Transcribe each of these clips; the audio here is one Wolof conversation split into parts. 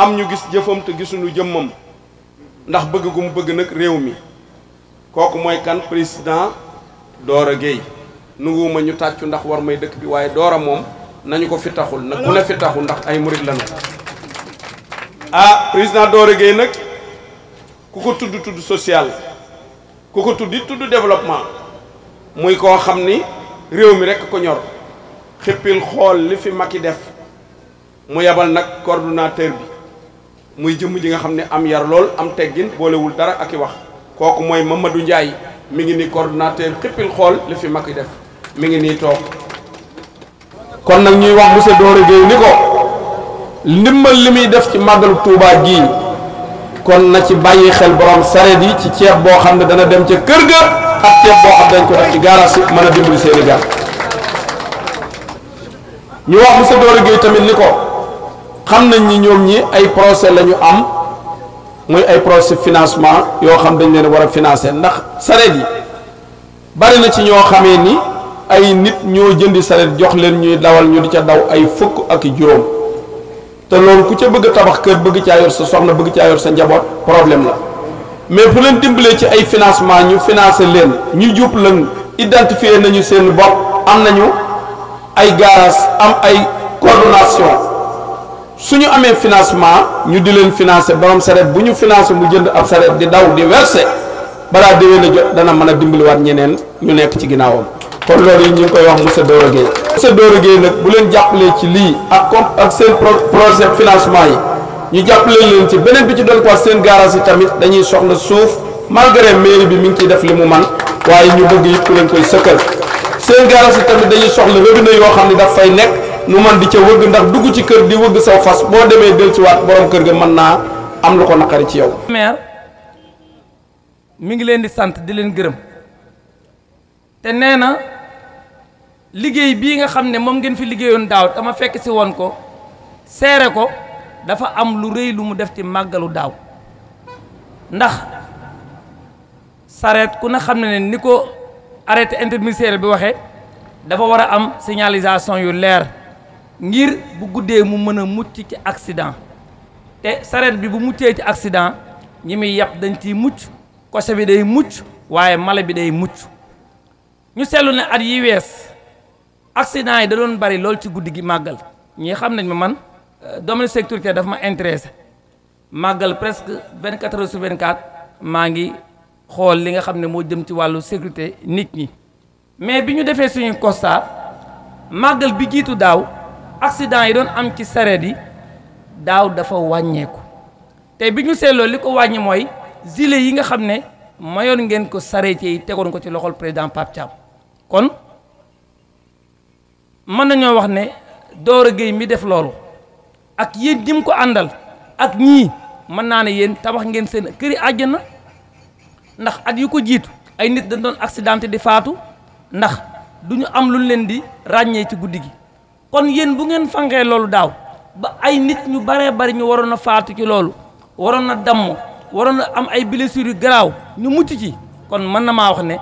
am ñu gis jëfëm te gisunu jëmmam ndax bëgg gum bëgg nak réew mi koku moy kan président Dora Gueye nunguwuma ñu taccu ndax war may dëkk bi waye Dora mom, nañu ko fi taxul nak ku na fi taxul ndax ay la nak ah président Dora Gueye nak ku ko tuddu tuddu social ku ko tudd tuddu développement muy ko xamni ni réew mi rek ko ñor xippil xol li fi maki def mu yabal nak coordinateur bi muy jëmm ji nga xam ne am yar lool am teggin boolewul dara ak i wax kooku mooy Mamadou Ndiaye mi ngi nii koordinateer xippil xool li fi mag def mi ngi nii toog kon nag ñuy wax monsieur Doro Gueye ni ko ndimbal li muy def ci màggalu Touba gii kon na ci bàyyi xel borom sareet yi ci ceeb boo xam ne dana dem ca kër ga ak ceeb boo xam mën a dimbali Sénégal ñu wax monsieur Doro tamit ni ko xam nañ ni ñoom ñi ay procès la ñu am mooy ay procès financement yoo xam dañ leen war a financer ndax sareet yi bari na ci ñoo xamee ni ay nit ñoo jëndi sareet jox leen ñuy dawal ñu di ca daw ay fukk ak juróom te loolu ku ca bëgg tabax kër bëgg caa yor sa soxna bëgg caa yor sa njaboot problème la mais bu leen dimbalee ci ay financement ñu financer leen ñu jub lan identifier nañu seen bopp am nañu ay garage am ay coordination su ñu amee financement ñu di leen financé borom sareet bu ñu financé mu jënd ab sareet di daw di verser balaa déwén a jot dana mën a dimbaliwaat ñeneen ñu nekk ci ginnaawam kon loolu yi ñu ngi koy wax monsieur Doro Gueye monsieur Doro Gueye nag bu leen jàppalee ci lii ak comp ak seen projet financement yi ñu jàppale leen ci beneen bi ci doon quoi seen garage yi tamit dañuy soxla suuf malgré mairie bi mi ngi ciy def li mu man waaye ñu bëgg it ku leen koy sëkkal seen garage yi tamit dañuy soxla yoo xam ne daf fay nekk nu man di ca wëgg ndax dugg ci kër di wëgg saw fas boo demee del ci waat borom kër ga man naa am lu ko naqari ci yow maire mi ngi leen di sant di leen gërëm te nee na liggéey bii nga xam ne moom ngeen fi liggéeyoon daaw dama fekk si woon ko seere ko dafa am lu rëy lu mu def ci màggalu daaw ndax sareet ku na xam ne ni ko arrêté interministériel bi waxee dafa war a am signalisation yu leer ngir bu guddee mu mën mucc ci accident te sareet bi bu muccé ci accident ñi mi yàpp dañ ci mucc coche bi day mucc waye mala bi day mucc ñu seetlu ne at yi wess accident yi da doon bari lol ci guddigi magal ñi xam nañ ma man euh, domaine sécurité daf ma intéressé magal presque 24 heures sur 24 ma ngi xol li nga xamne mo jëm ci walu sécurité nit ñi mais biñu défé suñu constat magal bi jitu daw accident yi doon am ci sareet yi daaw dafa wàññeeku te bi ñu seetloo li ko wàññi mooy gilet yi nga xam ne mayoon ngeen ko sareet yi tegoon ko ci loxol président Pape Thiam kon mën nañoo wax ne door a géey mi def loolu ak yéen ñi ko àndal ak ñii mën naa ne yéen tabax ngeen seen këri na ndax ak yu ko jiitu ay nit dañ doon accidenté di faatu ndax du ñu am luñ leen di ràññee ci guddi gi kon yéen bu ngeen fanqee loolu daaw ba ay nit ñu baree bari ñu waroon na faatu ci loolu waroon na damm waroon na am ay blessures yu garaaw ñu mucc ci kon mën na ma wax ne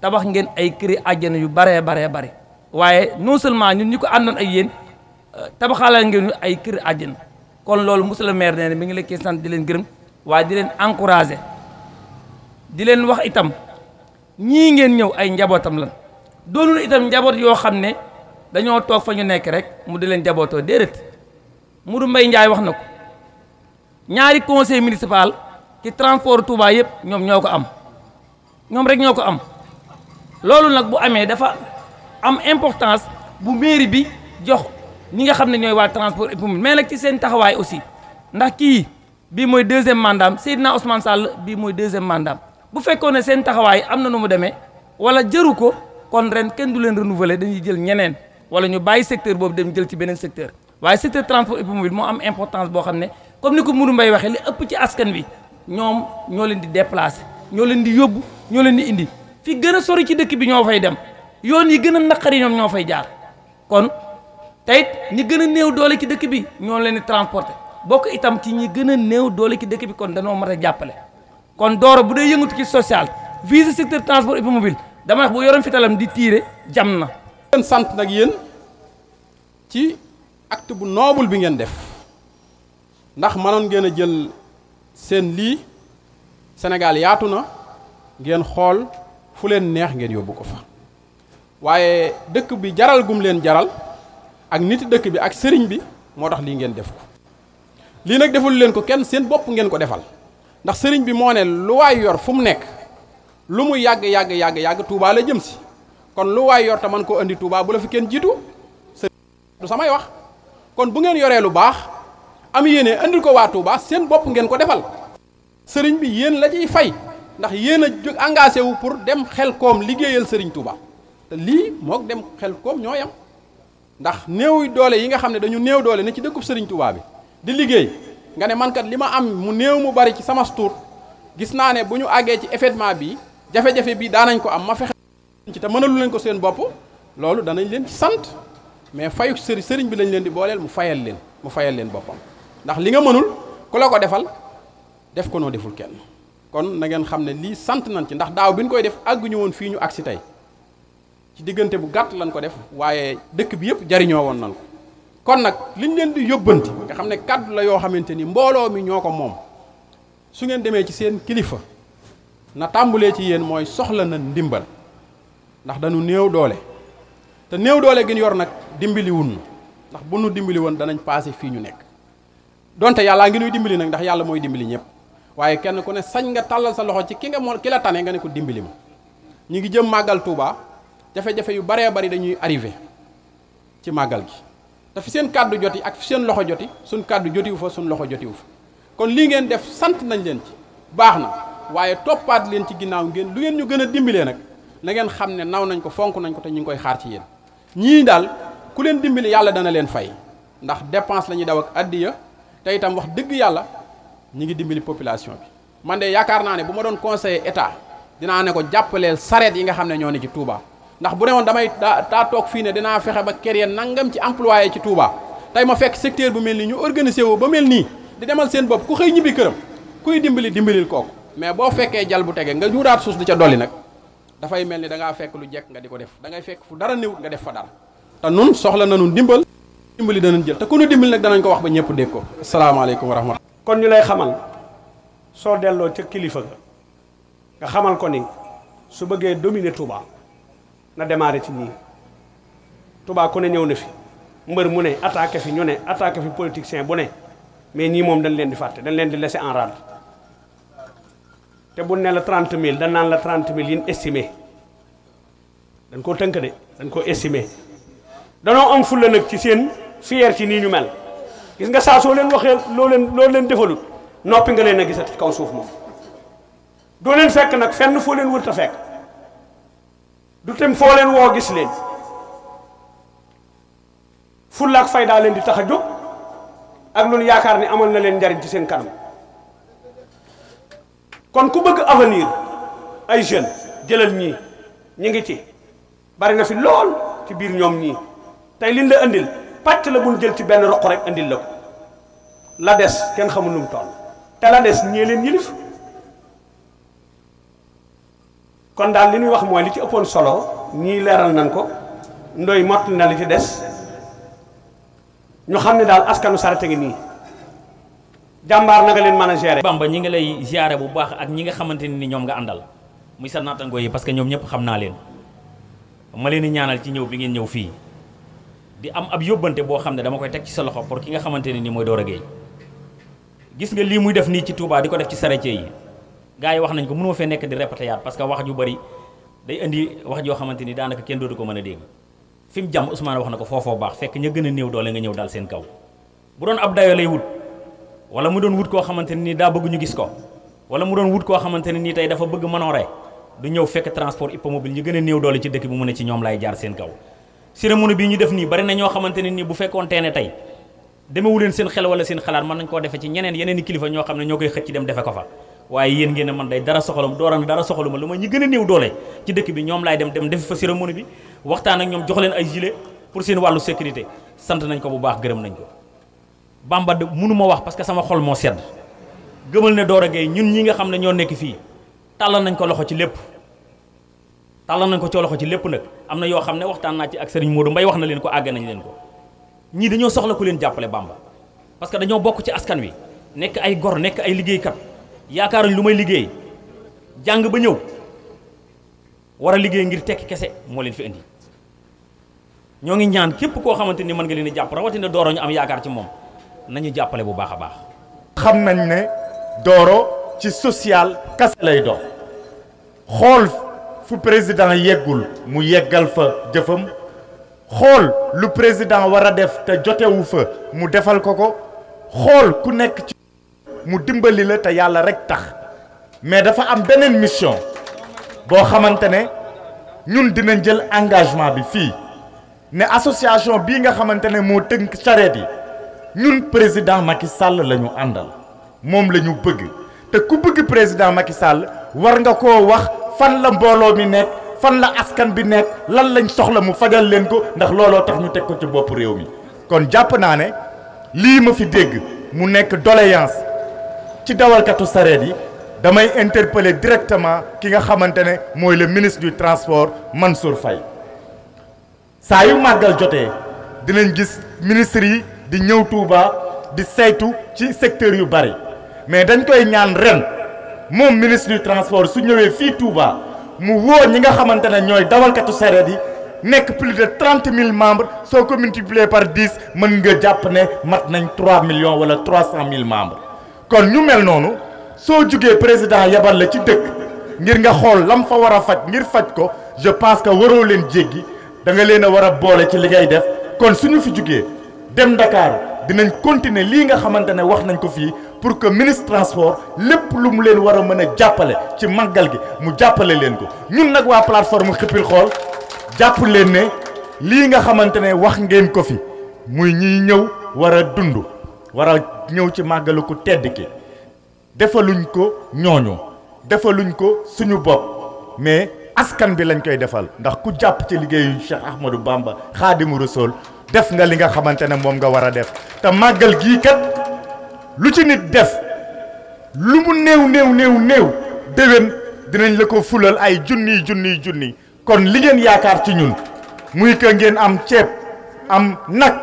tabax ngeen ay këri àjjana yu baree baree bari waaye non seulement ñun ñu ko àndoon ak yéen euh, tabaxalal ngeen ay këri àjjana kon loolu monsieur le nee na mi ngi leen sant di leen gërëm waaye di leen encourager di leen wax itam ñii ngeen ñëw ay njabootam lan doonul itam njaboot yoo xam ne. dañoo toog fa ñu nekk rek mu di leen jabootoo déedéet Modou mbay Ndiaye wax na ko ñaari conseil municipal ci transport Touba yëpp ñoom ñoo ko am ñoom rek ñoo ko am loolu nag bu amee dafa am importance bu mairie bi jox ñi nga xam ne ñooy waa transport public mais nag ci seen taxawaay aussi ndax kii bii mooy deuxième mandat Seydina Ousmane Sall bii mooy deuxième mandat bu fekkoon ne seen taxawaay am na nu mu demee wala jëru ko kon ren kenn du leen renouveler dañuy jël ñeneen. wala ñu bàyyi secteur boobu dem jël ci beneen secteur waaye secteur transport automobile moo am importance boo xam ne comme ni ko Mourou Mbaye waxee li ëpp ci askan wi ñoom ñoo leen di déplacer ñoo leen di yóbbu ñoo leen di indi fi gën a sori ci dëkk bi ñoo fay dem yoon yi gën a naqari ñoom ñoo fay jaar kon tey it ñi gën a néew doole ci dëkk bi ñoo leen di transporter bokk itam ci ñi gën a néew doole ci dëkk bi kon danoo mat a jàppale kon dooro bu dee yëngatu ci social vise secteur transport automobile dama wax bu yoroon fi di tiire jam na sant nag yéen ci acte bu noobul bi ngeen def ndax mënoon ngeen a jël seen lii Sénégal yaatu na ngeen xool fu leen neex ngeen yóbbu ko fa waaye dëkk bi jaral gum leen jaral ak nit dëkk bi ak sëriñ bi moo tax lii ngeen def ko lii nag deful leen ko kenn seen bopp ngeen ko defal ndax sëriñ bi moo ne lu waay yor fu mu nekk lu mu yàgg yàgg yàgg yàgg Tuubaa la jëm si kon lu waay yor te man koo indi Touba bu la fi kenn jiitu du samay wax kon bu ngeen yoree lu baax am yéene andil ko waa Touba seen bopp ngeen ko defal sëriñ bi yéen la ciy fay ndax yéen a jóg engagé wu pour dem xel koom liggéeyal sëriñ Touba te lii moog dem xel koom ñoo yam ndax néew doole yi nga xam ne dañu néew doole ne ci dëkkub sëriñ Touba bi di liggéey nga ne man li ma am mu néew mu bari ci sama tur gis naa ne bu ñu àggee ci événement bi jafe-jafe bii daanañ ko am ma fexe. ci te mënalu leen ko seen bopp loolu danañ leen ci sant mais fayu sëriñ sëriñ bi lañ leen di booleel mu fayal leen mu fayal leen boppam ndax li nga mënul ku la ko defal def ko noo deful kenn kon na xam ne lii sant nañ ci ndax daaw bi ñu koy def àgguñu woon fii ñu agsi tey ci diggante bu gàtt lañ ko def waaye dëkk bi yëpp jariñoo woon nañ ko kon nag liñ leen di yóbbanti nga xam ne kàddu la yoo xamante ni mbooloo mi ñoo ko moom su ngeen demee ci seen kilifa na tàmbulee ci yéen mooy soxla na ndimbal ndax dañu neo doole te neo doole gi ñu yor nak dimbali wuñ ndax bu ñu dimbali woon dañu passé fi ñu nekk donte yalla ngi ñuy dimbali nak ndax yalla moy dimbali ñep waye kenn ku ne sañ nga talal sa loxo ci ki nga mo ki la tané nga ne ko dimbali ma ñi ngi jëm magal touba jafe-jafe yu bari dañuy arrivé ci magal gi te fi seen kàddu joti ak fi seen loxo joti suñ joti wu fa sun loxo fa kon li ngeen def sante nañ leen ci baxna waye topat leen ci ginaaw ngeen lu ngeen ñu gëna nak na ngeen xam ne naw nañ ko fonk nañ ko te ñu ngi koy xaar ci yéen ñii daal ku leen dimbali yàlla dana leen fay ndax dépense la ñuy daw ak addiya te itam wax dëgg yàlla ñi ngi dimbali population bi man de yaakaar naa ne bu ma doon conseiller état dinaa ne ko jàppaleel saret yi nga xam ne ñoo ni ci Touba ndax bu ne damay daa toog fii ne dinaa fexe ba créer ya nangam ci employé ci Touba tey ma fekk secteur bu mel ñu organisé wu ba mel nii di demal seen bopp ku xëy ñibbi këram kuy dimbali dimbalil kooku mais boo fekkee jal bu tege nga juuraat suus di ca dolli nag dafay mel ni da fekk lu jekk nga di ko def da ngay fekk fu dara néewut nga def fa dara te nun soxla nañu dimbal dimbali danañ jël te ku ñu dimbali nag danañ ko wax ba ñëpp dégg ko asalaamaaleykum wa rahmatulah kon ñu lay xamal soo delloo ca kilifa ga nga xamal ko ni su bëggee dominer Touba na démarré ci nii Touba ku ne ñëw na fi mbër mu ne attaqué fi ñu ne attaqué fi politicien bu ne mais ñii moom dañ leen di fàtte dañ leen di laisser en rade te bu ne la trente mille dañ naan la trente mille yin estimé dañ koo tënk de dañ koo estime danoo am fulla nag ci seen fier ci nii ñu mel gis nga saa soo leen waxee loo leen loo leen defalut noppi nga leen a gisati kaw suuf moom doo leen fekk nag fenn foo leen wërta fekk du tem foo woo gis leen fulla ak faydaa leen di tax a jóg ak loolu yaakaar ni amal na leen njariñ ci seen kanam kon ku bëgg avenir ay jeune jëlal ñi ñi ngi ci bari na fi lool ci biir ñoom ñi tay liñ la andil pàcc la buñ jël ci benn roq rek andil la ko la des kenn xamul nu mu toll te la des ñee leen yilif kon daal li ñuy wax mooy li ci ëppoon solo ñi leral nañ ko ndoy mot na li ci des ñu xam ne daal askanu sarate ngi nii Jambar na nga leen mën a Bamba ñi nga lay gérer bu baax ak ñi nga xamanteni ni ñom nga andal muy sa natango yi parce que ñom ñep xamna ma leen di ñaanal ci ñew bi ngeen ñew fi di am ab yobante bo xamne dama koy tek ci sa loxo pour ki nga xamanteni ni moy doora geey gis nga li muy def ni ci Touba di def ci charretier yi gaay wax nañ ko mëno fe nek di répété parce que wax ju bari day andi wax jo xamanteni ni daanaka kenn dootu ko mëna dégg fim jam Ousmane wax nako fofo foofoo baax fekk ña gëna neew doole nga ñew dal seen kaw bu doon ab dayo lay wut wala mu doon wut koo xamante ne nii daa bëgg ñu gis ko wala mu doon wut koo xamante ne nii tey dafa bëgg manoore du ñëw fekk transport hippomobile ñu gën a néew doole ci dëkk bi mu ne ci ñoom lay jaar seen kaw cérémonie bii ñu def nii bari na ñoo xamante ne nii bu fekkoon teene tey demewu leen seen xel wala seen xalaat mën nañ koo defe ci ñeneen yeneen i kilifa ñoo xam ne ñoo koy xëcc dem defe ko fa waaye yéen ngeen ne man day dara soxalam dooram dara soxalu ma lu ma ñi gën a néew doole ci dëkk bi ñoom lay dem dem def fa cérémonie bi waxtaan ak ñoom jox leen ay gilet pour seen wàllu sécurité sant nañ ko bu baax gërëm nañ bàmba de mënu ma wax parce que sama xol moo sedd gëmal ne door Doro Gaye ñun ñi nga xam ne ñoo nekk fii tàllal nañ ko loxo ci lépp tàllal nañ ko ci loxo ci lépp nag am na yoo xam ne waxtaan naa ci ak Serigne Modou Mbaye wax na leen ko àgg nañ leen ko ñii dañoo soxla ku leen jàppale Bamba parce que dañoo bokk ci askan wi nekk ay gor nekk ay liggéeykat yaakaaruñ lu may liggéey jàng ba ñëw war a liggéey ngir tekki kese moo leen fi indi ñoo ngi ñaan képp koo xamante ni mën nga leen di jàpp rawatina Doro ñu am yaakaar ci moom nañu jàppale bu baax a baax. xam nañ ne dooro ci social kase lay dox xool fu président yeggul mu yeggal fa jëfam xool lu président war a def te jotewu fa mu defal ko ko xool ku nekk ci mu dimbali la te yàlla rek tax mais dafa am beneen mission boo xamante ne ñun dinañ jël engagement bi fii ne association bii nga xamante ne moo tënk charrette yi. ñun président Macky Sall la àndal moom la ñu bëgg te ku bëgg président Macky Sall war nga koo wax fan la mbooloo mi nekk fan la askan bi nekk lan lañ soxla mu fagal leen ko ndax looloo tax ñu teg ko ci bopp réew mi kon jàpp naa ne lii ma fi dégg mu nekk doléance ci dawalkatu sareet yi damay interpeller directement ki nga xamante ne mooy le ministre du transport man Faye saa yu màggal jotee dinañ gis ministre yi di ñëw Touba di saytu ci secteur yu bari mais dañ koy ñaan ren moom ministre du transport su ñëwee fii Touba mu woo ñi nga xamante ne ñooy dawalkatu sareet yi nekk plus de mille membres soo ko multiplier par dix mën nga jàpp ne mat nañ trois millions wala trois cent mille membres kon ñu mel noonu soo jugee président yabal la ci dëkk ngir nga xool lam fa war a faj ngir faj ko je pense que waroo leen jéggi da nga leen a war a boole ci li ngay def kon suñu fi jugee dem ndakaaru dinañ continuer lii nga xamante ne wax nañ ko fii pour que ministre transport lépp lu mu leen war a mën a jàppale ci màggal gi mu jàppale leen ko ñun nag waa plateforme xippil xool jàpp leen ne lii nga xamante ne wax ngeen ko fi muy ñiy ñëw war a dund wara ñëw ci màggalu ku tedd ki defaluñ ko ñooñu defaluñ ko suñu bopp mais askan bi lañ koy defal ndax ku jàpp ci liggéeyu Cheikh Ahmadou Bamba Xaadimu Rasuul def nga li nga xamante ne moom nga war a def te màggal gii kat lu ci nit def lu mu néew néew néew néew déwén dinañ la ko fulal ay junniy junniy junni kon li ngeen yaakaar ci ñun muy que ngeen am ceeb am nag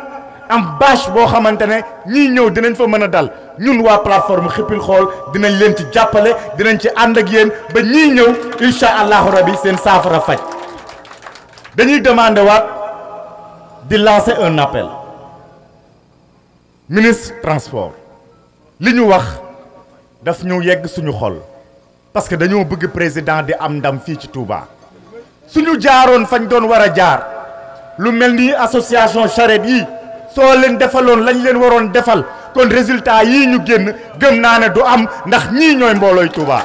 am bâche boo xamante ne ñii ñëw dinañ fa mën a dal ñun waa plateforme xippil xool dinañ leen ci jàppale dinañ ci ànd ak yéen ba ñii ñëw incha allahu rabi seen saafara faj dañuy demandé waat. di lancer un appel ministre transport li ñu wax daf ñu yegg suñu xol parce que dañoo bëgg président di am ndam fii ci Touba suñu jaaroon fañ doon war jaar lu mel association charrette yi soo leen defaloon lañ leen waroon defal kon résultat yii ñu génn gëm naa ne du am ndax ñii ñooy mboolooy Touba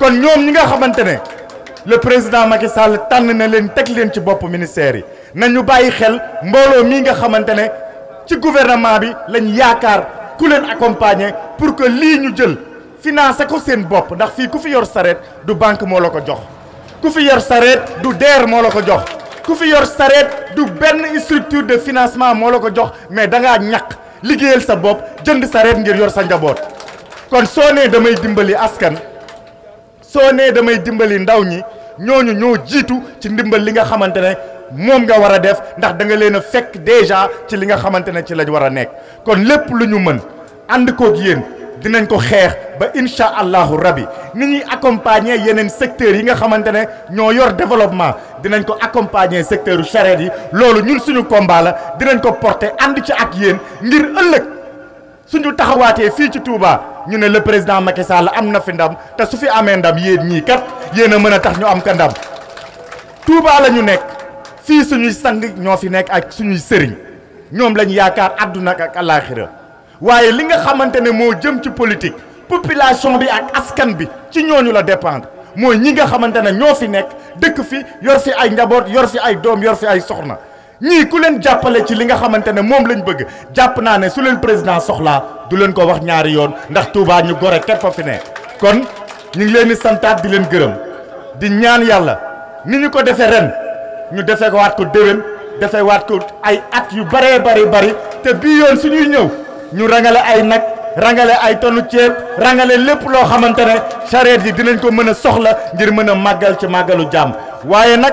kon ñoom ñi nga xamante ne le président Macky Sall tan na len tek len ci bop ministère yi nañu bayyi xel mbolo mi nga xamantene ci gouvernement bi lañ yaakar ku len accompagner pour que li ñu jël financer ko seen bop ndax fi ku fi yor sareet du banque mo lako jox ku fi yor sareet du DER mo lako jox ku fi yor sareet du ben structure de financement mo lako jox mais da nga ñak liggéeyal sa bop jënd sareet ngir yor sa njabot kon soo damay dimbali askan soo damay dimbali ndaw ñi ñooñu ñoo jiitu ci ndimbal li nga xamante ne moom nga war a def ndax danga nga leen a fekk déjà ci li nga xamante ne ci lañ war a nekk kon lépp lu ñu mën ànd koog yéen dinañ ko xeex ba incha allahu rabi ni ñuy accompagner yeneen secteurs yi nga xamante ne ñoo yor développement dinañ ko accompagner secteur charrette yi loolu ñun suñu combat la dinañ ko porter ànd ci ak yéen ngir ëllëg suñu taxawaatee fii ci Touba. ñu ne le président Macky Sall am na fi ndam te su fi amee ndam yéen ñii kat yéen a mën a tax ñu am ka ndam Touba la ñu nekk fii suñuy sang ñoo fi nekk ak suñuy sëriñ ñoom lañu yaakaar àdduna ak alaaxira waaye li nga xamante ne moo jëm ci politique population bi ak askan bi ci ñooñu la dépendre mooy ñi nga xamante ne ñoo fi nekk dëkk fi yor fi ay njaboot yor fi ay doom yor fi ay soxna ñii ku leen jàppale ci li nga xamante ne moom lañu bëgg jàpp naa ne su leen président soxlaa du leen ko wax ñaari yoon ndax Touba ñu gore képp fa fi ne kon ñu ngi leen di santaat di leen gërëm di ñaan yàlla ni ñu ko defee ren ñu defee waat ko déwén defee waat ko ay at yu bëree bëri bëri te bii yoon suñuy ñëw ñu rangale ay nag rangale ay tonu ceeb rangale lépp loo xamante ne charrette yi dinañ ko mën a soxla ngir mën a màggal ci màggalu jàmm waaye nag.